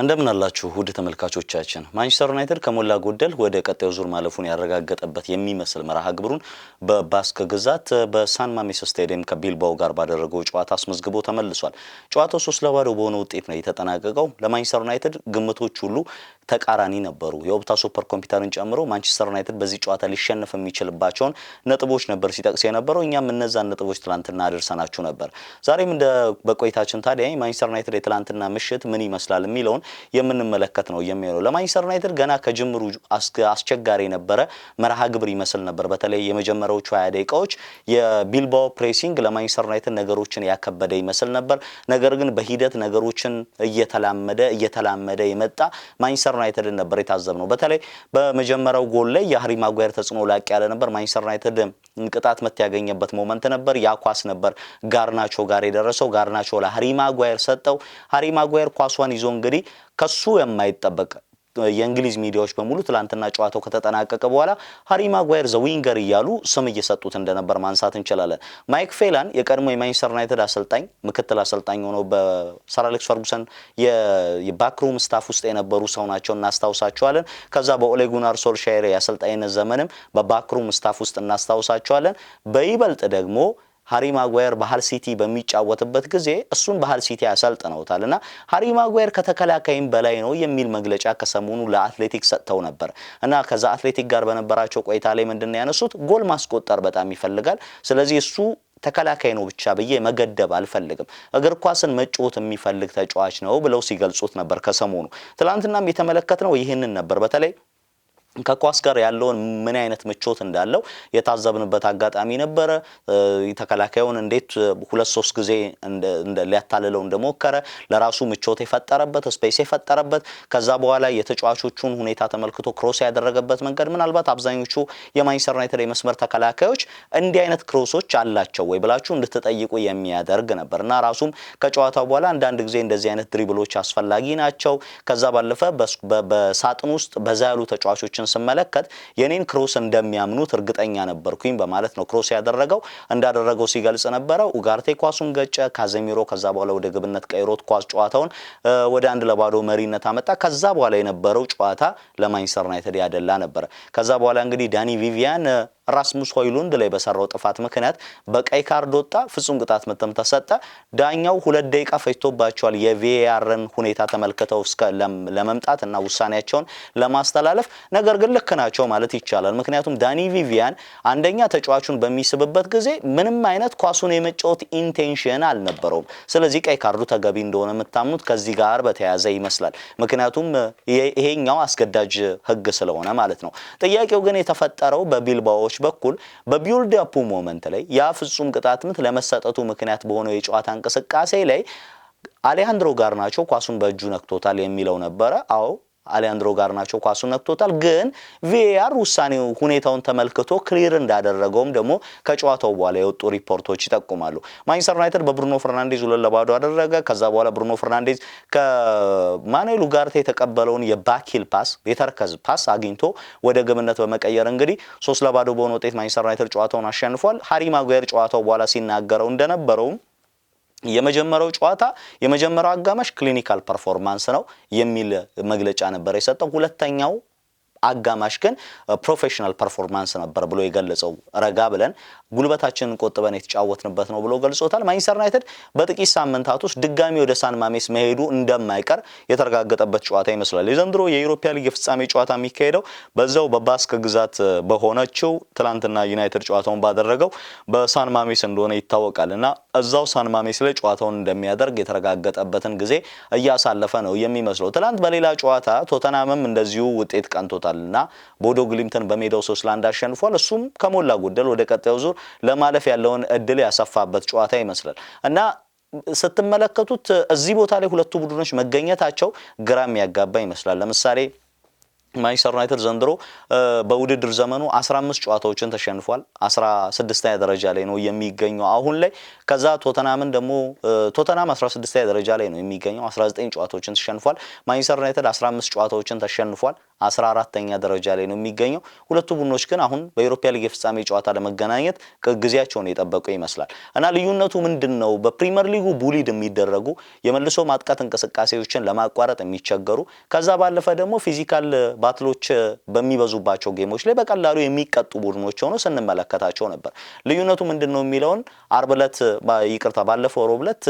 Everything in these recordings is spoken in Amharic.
እንደምን አላችሁ ውድ ተመልካቾቻችን። ማንቸስተር ዩናይትድ ከሞላ ጎደል ወደ ቀጣዩ ዙር ማለፉን ያረጋገጠበት የሚመስል መርሃ ግብሩን በባስክ ግዛት በሳን ማሜስ ስታዲየም ከቢልባው ጋር ባደረገው ጨዋታ አስመዝግቦ ተመልሷል። ጨዋታው ሶስት ለባዶ በሆነ ውጤት ነው የተጠናቀቀው። ለማንቸስተር ዩናይትድ ግምቶች ሁሉ ተቃራኒ ነበሩ። የኦፕታ ሱፐር ኮምፒውተርን ጨምሮ ማንቸስተር ዩናይትድ በዚህ ጨዋታ ሊሸነፍ የሚችልባቸውን ነጥቦች ነበር ሲጠቅስ የነበረው። እኛም እነዛን ነጥቦች ትላንትና አደርሰናችሁ ነበር። ዛሬም እንደ በቆይታችን ታዲያ ማንቸስተር ዩናይትድ የትላንትና ምሽት ምን ይመስላል የሚለውን የምንመለከት ነው የሚሆነው። ለማንቸስተር ዩናይትድ ገና ከጅምሩ አስቸጋሪ የነበረ መርሃ ግብር ይመስል ነበር። በተለይ የመጀመሪያዎቹ ሀያ ደቂቃዎች የቢልባኦ ፕሬሲንግ ለማንቸስተር ዩናይትድ ነገሮችን ያከበደ ይመስል ነበር። ነገር ግን በሂደት ነገሮችን እየተላመደ እየተላመደ የመጣ ማንቸስተር ዩናይትድ ነበር የታዘብነው። በተለይ በመጀመሪያው ጎል ላይ የሀሪ ማጓየር ተጽዕኖ ላቅ ያለ ነበር። ማንቸስተር ዩናይትድ ቅጣት መት ያገኘበት ሞመንት ነበር። ያ ኳስ ነበር ጋርናቾ ጋር የደረሰው። ጋርናቾ ለሀሪ ማጓየር ሰጠው። ሀሪ ማጓየር ኳሷን ይዞ እንግዲህ ከሱ የማይጠበቅ የእንግሊዝ ሚዲያዎች በሙሉ ትላንትና ጨዋታው ከተጠናቀቀ በኋላ ሃሪ ማጓየር ዘዊንገር እያሉ ስም እየሰጡት እንደነበር ማንሳት እንችላለን። ማይክ ፌላን የቀድሞ የማንቸስተር ዩናይትድ አሰልጣኝ ምክትል አሰልጣኝ ሆኖ በሰር አሌክስ ፈርጉሰን የባክሩም ስታፍ ውስጥ የነበሩ ሰው ናቸው፣ እናስታውሳቸዋለን። ከዛ በኦሌ ጉናር ሶልሻየር የአሰልጣኝነት ዘመንም በባክሩም ስታፍ ውስጥ እናስታውሳቸዋለን። በይበልጥ ደግሞ ሀሪ ማጓየር ባህል ሲቲ በሚጫወትበት ጊዜ እሱን ባህል ሲቲ ያሰልጥነውታል እና ሀሪ ማጓየር ከተከላካይም በላይ ነው የሚል መግለጫ ከሰሞኑ ለአትሌቲክ ሰጥተው ነበር እና ከዛ አትሌቲክ ጋር በነበራቸው ቆይታ ላይ ምንድነው ያነሱት ጎል ማስቆጠር በጣም ይፈልጋል። ስለዚህ እሱ ተከላካይ ነው ብቻ ብዬ መገደብ አልፈልግም፣ እግር ኳስን መጫወት የሚፈልግ ተጫዋች ነው ብለው ሲገልጹት ነበር። ከሰሞኑ ትላንትናም የተመለከትነው ይህንን ነበር በተለይ ከኳስ ጋር ያለውን ምን አይነት ምቾት እንዳለው የታዘብንበት አጋጣሚ ነበረ። ተከላካዩን እንዴት ሁለት ሶስት ጊዜ ሊያታልለው እንደሞከረ ለራሱ ምቾት የፈጠረበት ስፔስ የፈጠረበት ከዛ በኋላ የተጫዋቾቹን ሁኔታ ተመልክቶ ክሮስ ያደረገበት መንገድ ምናልባት አብዛኞቹ የማንችስተር ዩናይትድ የመስመር ተከላካዮች እንዲህ አይነት ክሮሶች አላቸው ወይ ብላችሁ እንድትጠይቁ የሚያደርግ ነበር እና ራሱም ከጨዋታው በኋላ አንዳንድ ጊዜ እንደዚህ አይነት ድሪብሎች አስፈላጊ ናቸው። ከዛ ባለፈ በሳጥን ውስጥ በዛ ያሉ ተጫዋቾችን ክሮሶችን ስመለከት የኔን ክሮስ እንደሚያምኑት እርግጠኛ ነበርኩኝ በማለት ነው ክሮስ ያደረገው እንዳደረገው ሲገልጽ ነበረ። ኡጋርቴ ኳሱን ገጨ። ካዘሚሮ ከዛ በኋላ ወደ ግብነት ቀይሮት ኳስ ጨዋታውን ወደ አንድ ለባዶ መሪነት አመጣ። ከዛ በኋላ የነበረው ጨዋታ ለማንችስተር ዩናይትድ ያደላ ነበረ። ከዛ በኋላ እንግዲህ ዳኒ ቪቪያን ራስሙስ ሆይሉንድ ላይ በሰራው ጥፋት ምክንያት በቀይ ካርድ ወጣ፣ ፍጹም ቅጣት ምትም ተሰጠ። ዳኛው ሁለት ደቂቃ ፈጅቶባቸዋል የቪኤአርን ሁኔታ ተመልክተው እስከ ለመምጣት እና ውሳኔያቸውን ለማስተላለፍ። ነገር ግን ልክ ናቸው ማለት ይቻላል። ምክንያቱም ዳኒ ቪቪያን አንደኛ ተጫዋቹን በሚስብበት ጊዜ ምንም አይነት ኳሱን የመጫወት ኢንቴንሽን አልነበረውም። ስለዚህ ቀይ ካርዱ ተገቢ እንደሆነ የምታምኑት ከዚህ ጋር በተያያዘ ይመስላል። ምክንያቱም ይሄኛው አስገዳጅ ህግ ስለሆነ ማለት ነው። ጥያቄው ግን የተፈጠረው በቢልባዎች በተጫዋቾች በኩል በቢውልድ አፕ ሞመንት ላይ ያ ፍጹም ቅጣት ምት ለመሰጠቱ ምክንያት በሆነው የጨዋታ እንቅስቃሴ ላይ አሌሃንድሮ ጋርናቾ ኳሱን በእጁ ነክቶታል የሚለው ነበረ። አዎ አሊያንድሮ ጋር ናቸው። ኳሱን ነክቶታል። ግን ቪኤአር ውሳኔው ሁኔታውን ተመልክቶ ክሊር እንዳደረገውም ደግሞ ከጨዋታው በኋላ የወጡ ሪፖርቶች ይጠቁማሉ። ማንቸስተር ዩናይትድ በብሩኖ ፈርናንዴዝ ሁለት ለባዶ አደረገ። ከዛ በኋላ ብሩኖ ፈርናንዴዝ ከማኑኤል ኡጋርቴ የተቀበለውን የባኪል ፓስ የተረከዝ ፓስ አግኝቶ ወደ ግብነት በመቀየር እንግዲህ ሶስት ለባዶ በሆነ ውጤት ማንቸስተር ዩናይትድ ጨዋታውን አሸንፏል። ሀሪ ማጓየር ጨዋታው በኋላ ሲናገረው እንደነበረውም የመጀመሪያው ጨዋታ የመጀመሪያው አጋማሽ ክሊኒካል ፐርፎርማንስ ነው የሚል መግለጫ ነበር የሰጠው። ሁለተኛው አጋማሽ ግን ፕሮፌሽናል ፐርፎርማንስ ነበር ብሎ የገለጸው። ረጋ ብለን ጉልበታችንን ቆጥበን የተጫወትንበት ነው ብሎ ገልጾታል። ማንቸስተር ዩናይትድ በጥቂት ሳምንታት ውስጥ ድጋሚ ወደ ሳን ማሜስ መሄዱ እንደማይቀር የተረጋገጠበት ጨዋታ ይመስላል። የዘንድሮ የኢሮፓ ሊግ የፍጻሜ ጨዋታ የሚካሄደው በዛው በባስክ ግዛት በሆነችው ትላንትና ዩናይትድ ጨዋታውን ባደረገው በሳን ማሜስ እንደሆነ ይታወቃል እና እዛው ሳን ማሜስ ላይ ጨዋታውን እንደሚያደርግ የተረጋገጠበትን ጊዜ እያሳለፈ ነው የሚመስለው። ትላንት በሌላ ጨዋታ ቶተናምም እንደዚሁ ውጤት ቀንቶታል። አድርሶታል እና ቦዶ ግሊምተን በሜዳው ሶስት ለአንድ አሸንፏል። እሱም ከሞላ ጎደል ወደ ቀጣዩ ዙር ለማለፍ ያለውን እድል ያሰፋበት ጨዋታ ይመስላል እና ስትመለከቱት እዚህ ቦታ ላይ ሁለቱ ቡድኖች መገኘታቸው ግራ የሚያጋባ ይመስላል። ለምሳሌ ማንቸስተር ዩናይትድ ዘንድሮ በውድድር ዘመኑ 15 ጨዋታዎችን ተሸንፏል። 16ኛ ደረጃ ላይ ነው የሚገኘው አሁን ላይ። ከዛ ቶተናምን ደግሞ ቶተናም 16ኛ ደረጃ ላይ ነው የሚገኘው 19 ጨዋታዎችን ተሸንፏል። ማንቸስተር ዩናይትድ 15 ጨዋታዎችን ተሸንፏል። አስራ አራተኛ ደረጃ ላይ ነው የሚገኘው። ሁለቱ ቡድኖች ግን አሁን በኢሮፓ ሊግ የፍጻሜ ጨዋታ ለመገናኘት ጊዜያቸውን የጠበቁ ይመስላል እና ልዩነቱ ምንድን ነው? በፕሪምየር ሊጉ ቡሊድ የሚደረጉ የመልሶ ማጥቃት እንቅስቃሴዎችን ለማቋረጥ የሚቸገሩ ከዛ ባለፈ ደግሞ ፊዚካል ባትሎች በሚበዙባቸው ጌሞች ላይ በቀላሉ የሚቀጡ ቡድኖች ሆኖ ስንመለከታቸው ነበር። ልዩነቱ ምንድን ነው የሚለውን አርብ ዕለት ይቅርታ፣ ባለፈው ሮብ ዕለት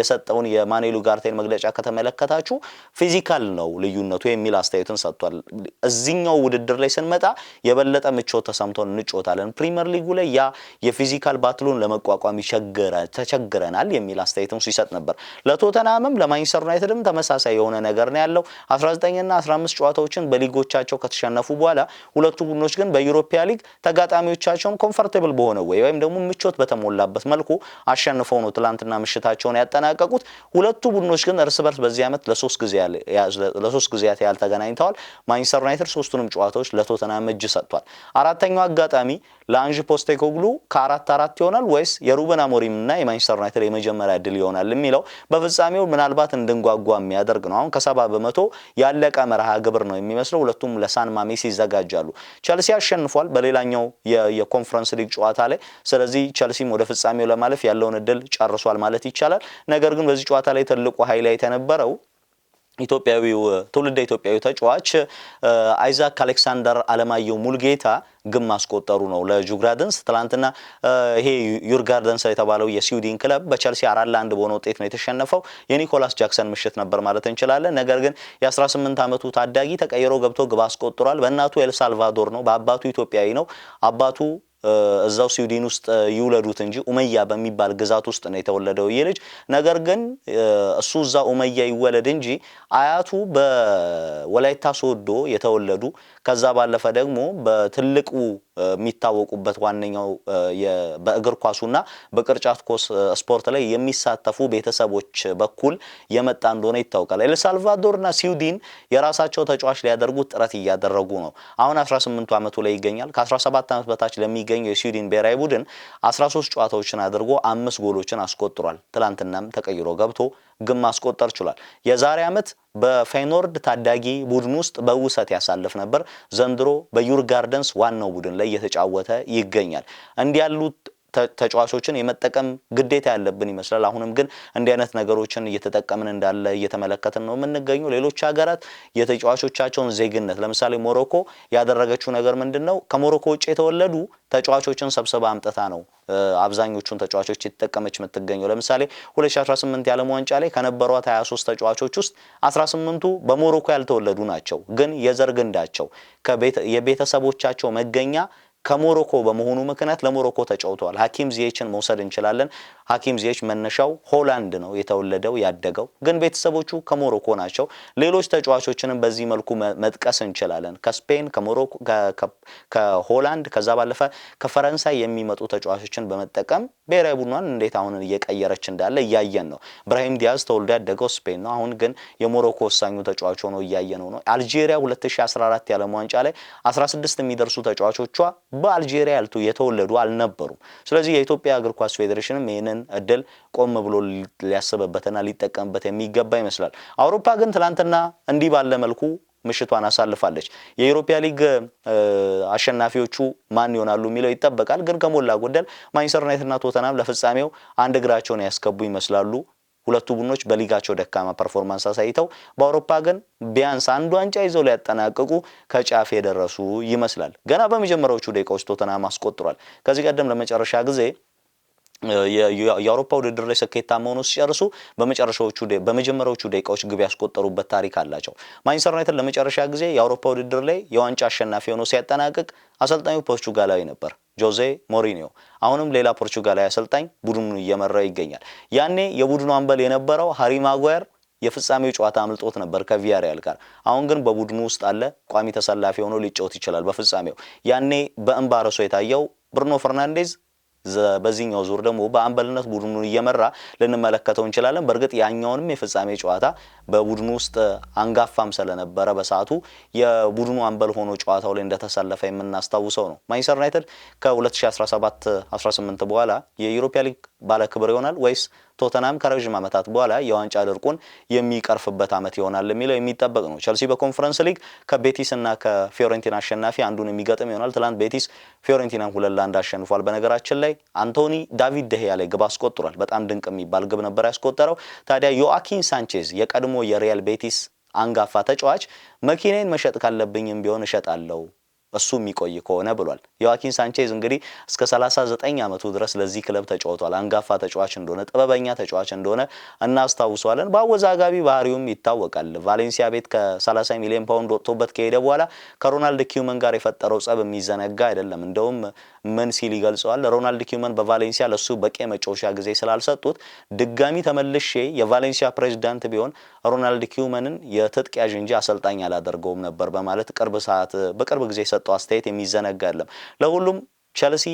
የሰጠውን የማኔሉ ጋርቴን መግለጫ ከተመለከታችሁ ፊዚካል ነው ልዩነቱ የሚል አስተያየትን ሰጥቷል። እዚኛው ውድድር ላይ ስንመጣ የበለጠ ምቾት ተሰምቶን እንጮታለን። ፕሪሚየር ሊጉ ላይ ያ የፊዚካል ባትሉን ለመቋቋም ተቸግረናል የሚል አስተያየትም ሲሰጥ ይሰጥ ነበር። ለቶተናምም ለማንችስተር ዩናይትድም ተመሳሳይ የሆነ ነገር ነው ያለው። 19ና 15 ጨዋታዎችን በሊጎቻቸው ከተሸነፉ በኋላ ሁለቱ ቡድኖች ግን በዩሮፒያ ሊግ ተጋጣሚዎቻቸውን ኮምፈርቴብል በሆነ ወይ ወይም ደግሞ ምቾት በተሞላበት መልኩ አሸንፈው ነው ትላንትና ምሽታቸውን ያጠናቀቁት። ሁለቱ ቡድኖች ግን እርስ በርስ በዚህ ዓመት ለሶስት ጊዜያት ያህል ተገናኝተዋል። ማንቸስተር ዩናይትድ ሶስቱንም ጨዋታዎች ለቶተናም እጅ ሰጥቷል። አራተኛው አጋጣሚ ለአንጅ ፖስቴኮግሉ ከአራት አራት ይሆናል ወይስ የሩበን አሞሪም እና የማንቸስተር ዩናይትድ የመጀመሪያ ድል ይሆናል የሚለው በፍጻሜው ምናልባት እንድንጓጓ የሚያደርግ ነው። አሁን ከሰባ በመቶ ያለቀ መርሃ ግብር ነው የሚመስለው። ሁለቱም ለሳንማሜስ ይዘጋጃሉ። ቸልሲ አሸንፏል በሌላኛው የኮንፈረንስ ሊግ ጨዋታ ላይ። ስለዚህ ቸልሲም ወደ ፍጻሜው ለማለፍ ያለውን እድል ጨርሷል ማለት ይቻላል። ነገር ግን በዚህ ጨዋታ ላይ ትልቁ ሃይላይት የነበረው ኢትዮጵያዊው ትውልደ ኢትዮጵያዊ ተጫዋች አይዛክ አሌክሳንደር አለማየሁ ሙልጌታ ግብ ማስቆጠሩ ነው ለጁግራደንስ። ትላንትና ይሄ ዩርጋርደንስ የተባለው የስዊድን ክለብ በቸልሲ አራት ለአንድ በሆነ ውጤት ነው የተሸነፈው። የኒኮላስ ጃክሰን ምሽት ነበር ማለት እንችላለን። ነገር ግን የ18 ዓመቱ ታዳጊ ተቀይሮ ገብቶ ግብ አስቆጥሯል። በእናቱ ኤልሳልቫዶር ነው፣ በአባቱ ኢትዮጵያዊ ነው። አባቱ እዛው ስዊድን ውስጥ ይውለዱት እንጂ ኡመያ በሚባል ግዛት ውስጥ ነው የተወለደው ይህ ልጅ። ነገር ግን እሱ እዛ ኡመያ ይወለድ እንጂ አያቱ በወላይታ ሶዶ የተወለዱ ከዛ ባለፈ ደግሞ በትልቁ የሚታወቁበት ዋነኛው በእግር ኳሱና በቅርጫት ኮስ ስፖርት ላይ የሚሳተፉ ቤተሰቦች በኩል የመጣ እንደሆነ ይታወቃል። ኤልሳልቫዶርና ስዊድን የራሳቸው ተጫዋች ሊያደርጉት ጥረት እያደረጉ ነው። አሁን 18 ዓመቱ ላይ ይገኛል። ከ17 ዓመት በታች ለሚገ የሚገኘው የስዊድን ብሔራዊ ቡድን 13 ጨዋታዎችን አድርጎ አምስት ጎሎችን አስቆጥሯል። ትላንትናም ተቀይሮ ገብቶ ግን ማስቆጠር ችሏል። የዛሬ ዓመት በፌኖርድ ታዳጊ ቡድን ውስጥ በውሰት ያሳልፍ ነበር። ዘንድሮ በዩር ጋርደንስ ዋናው ቡድን ላይ እየተጫወተ ይገኛል። እንዲያሉት ተጫዋቾችን የመጠቀም ግዴታ ያለብን ይመስላል። አሁንም ግን እንዲህ አይነት ነገሮችን እየተጠቀምን እንዳለ እየተመለከትን ነው የምንገኙ። ሌሎች ሀገራት የተጫዋቾቻቸውን ዜግነት ለምሳሌ ሞሮኮ ያደረገችው ነገር ምንድን ነው? ከሞሮኮ ውጭ የተወለዱ ተጫዋቾችን ሰብስባ አምጥታ ነው አብዛኞቹን ተጫዋቾች የተጠቀመች የምትገኘው። ለምሳሌ 2018 የዓለም ዋንጫ ላይ ከነበሯት 23 ተጫዋቾች ውስጥ 18ቱ በሞሮኮ ያልተወለዱ ናቸው። ግን የዘር ግንዳቸው የቤተሰቦቻቸው መገኛ ከሞሮኮ በመሆኑ ምክንያት ለሞሮኮ ተጫውተዋል። ሀኪም ዚዬችን መውሰድ እንችላለን። ሀኪም ዚዬች መነሻው ሆላንድ ነው፣ የተወለደው ያደገው፣ ግን ቤተሰቦቹ ከሞሮኮ ናቸው። ሌሎች ተጫዋቾችንም በዚህ መልኩ መጥቀስ እንችላለን። ከስፔን፣ ከሞሮኮ፣ ከሆላንድ ከዛ ባለፈ ከፈረንሳይ የሚመጡ ተጫዋቾችን በመጠቀም ብሔራዊ ቡድኗን እንዴት አሁን እየቀየረች እንዳለ እያየን ነው። ብራሂም ዲያዝ ተወልዶ ያደገው ስፔን ነው። አሁን ግን የሞሮኮ ወሳኙ ተጫዋች ሆኖ እያየነው ነው። አልጄሪያ 2014 የዓለም ዋንጫ ላይ 16 የሚደርሱ ተጫዋቾቿ በአልጄሪያ ያልቱ የተወለዱ አልነበሩም። ስለዚህ የኢትዮጵያ እግር ኳስ ፌዴሬሽንም ይህንን እድል ቆም ብሎ ሊያስብበትና ሊጠቀምበት የሚገባ ይመስላል። አውሮፓ ግን ትናንትና እንዲህ ባለ መልኩ ምሽቷን አሳልፋለች። የዩሮፒያ ሊግ አሸናፊዎቹ ማን ይሆናሉ የሚለው ይጠበቃል። ግን ከሞላ ጎደል ማንችስተር ዩናይትድና ቶተናም ለፍጻሜው አንድ እግራቸውን ያስገቡ ይመስላሉ። ሁለቱ ቡድኖች በሊጋቸው ደካማ ፐርፎርማንስ አሳይተው በአውሮፓ ግን ቢያንስ አንድ ዋንጫ ይዘው ሊያጠናቅቁ ከጫፍ የደረሱ ይመስላል። ገና በመጀመሪያዎቹ ደቂቃዎች ቶተናም አስቆጥሯል። ከዚህ ቀደም ለመጨረሻ ጊዜ የአውሮፓ ውድድር ላይ ስኬታማ መሆኑ ሲጨርሱ በመጨረሻዎቹ በመጀመሪያዎቹ ደቂቃዎች ግብ ያስቆጠሩበት ታሪክ አላቸው። ማንቸስተር ዩናይትድ ለመጨረሻ ጊዜ የአውሮፓ ውድድር ላይ የዋንጫ አሸናፊ ሆኖ ሲያጠናቅቅ አሰልጣኙ ፖርቹጋላዊ ነበር ጆዜ ሞሪኒዮ። አሁንም ሌላ ፖርቹጋላዊ አሰልጣኝ ቡድኑን እየመራ ይገኛል። ያኔ የቡድኑ አንበል የነበረው ሀሪ ማጓየር የፍጻሜው ጨዋታ አምልጦት ነበር ከቪያሪያል ጋር። አሁን ግን በቡድኑ ውስጥ አለ፣ ቋሚ ተሰላፊ ሆኖ ሊጫወት ይችላል በፍጻሜው። ያኔ በእንባ ረሶ የታየው ብሩኖ ፈርናንዴዝ በዚህኛው ዙር ደግሞ በአምበልነት ቡድኑን እየመራ ልንመለከተው እንችላለን። በእርግጥ ያኛውንም የፍጻሜ ጨዋታ በቡድኑ ውስጥ አንጋፋም ስለነበረ በሰዓቱ የቡድኑ አምበል ሆኖ ጨዋታው ላይ እንደተሰለፈ የምናስታውሰው ነው። ማንችስተር ዩናይትድ ከ2017 18 በኋላ የዩሮፓ ሊግ ባለክብር ይሆናል ወይስ ቶተናም ከረዥም ዓመታት በኋላ የዋንጫ ድርቁን የሚቀርፍበት ዓመት ይሆናል የሚለው የሚጠበቅ ነው። ቸልሲ በኮንፈረንስ ሊግ ከቤቲስ እና ከፊዮሬንቲና አሸናፊ አንዱን የሚገጥም ይሆናል። ትላንት ቤቲስ ፊዮሬንቲናን ሁለት ለአንድ አሸንፏል። በነገራችን ላይ አንቶኒ ዳቪድ ደህያ ላይ ግብ አስቆጥሯል። በጣም ድንቅ የሚባል ግብ ነበር ያስቆጠረው። ታዲያ ዮአኪን ሳንቼዝ የቀድሞ የሪያል ቤቲስ አንጋፋ ተጫዋች መኪናዬን መሸጥ ካለብኝም ቢሆን እሸጣለሁ እሱ የሚቆይ ከሆነ ብሏል። ዮዋኪን ሳንቼዝ እንግዲህ እስከ 39 ዓመቱ ድረስ ለዚህ ክለብ ተጫውቷል። አንጋፋ ተጫዋች እንደሆነ፣ ጥበበኛ ተጫዋች እንደሆነ እናስታውሰዋለን። በአወዛጋቢ ባህሪውም ይታወቃል። ቫሌንሲያ ቤት ከ30 ሚሊዮን ፓውንድ ወጥቶበት ከሄደ በኋላ ከሮናልድ ኪውመን ጋር የፈጠረው ጸብ የሚዘነጋ አይደለም። እንደውም ምን ሲል ይገልጸዋል? ሮናልድ ኪውመን በቫሌንሲያ ለሱ በቂ መጫወቻ ጊዜ ስላልሰጡት ድጋሚ ተመልሼ የቫሌንሲያ ፕሬዚዳንት ቢሆን ሮናልድ ኪውመንን የትጥቅ ያዥ እንጂ አሰልጣኝ አላደርገውም ነበር በማለት ቅርብ ሰዓት በቅርብ ጊዜ የሚሰጠው አስተያየት የሚዘነጋ አይደለም። ለሁሉም ቸልሲ፣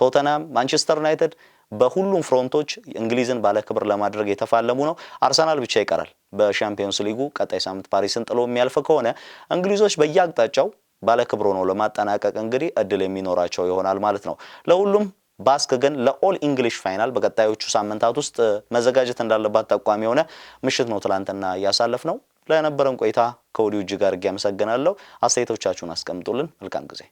ቶተናም፣ ማንቸስተር ዩናይትድ በሁሉም ፍሮንቶች እንግሊዝን ባለክብር ለማድረግ የተፋለሙ ነው። አርሰናል ብቻ ይቀራል። በሻምፒዮንስ ሊጉ ቀጣይ ሳምንት ፓሪስን ጥሎ የሚያልፍ ከሆነ እንግሊዞች በየአቅጣጫው ባለክብር ነው ለማጠናቀቅ እንግዲህ እድል የሚኖራቸው ይሆናል ማለት ነው። ለሁሉም ባስክ ግን ለኦል እንግሊሽ ፋይናል በቀጣዮቹ ሳምንታት ውስጥ መዘጋጀት እንዳለባት ጠቋሚ የሆነ ምሽት ነው ትላንትና እያሳለፍ ነው። ለነበረን ቆይታ ከወዲሁ እጅግ አድርጌ አመሰግናለሁ። አስተያየቶቻችሁን አስቀምጡልን። መልካም ጊዜ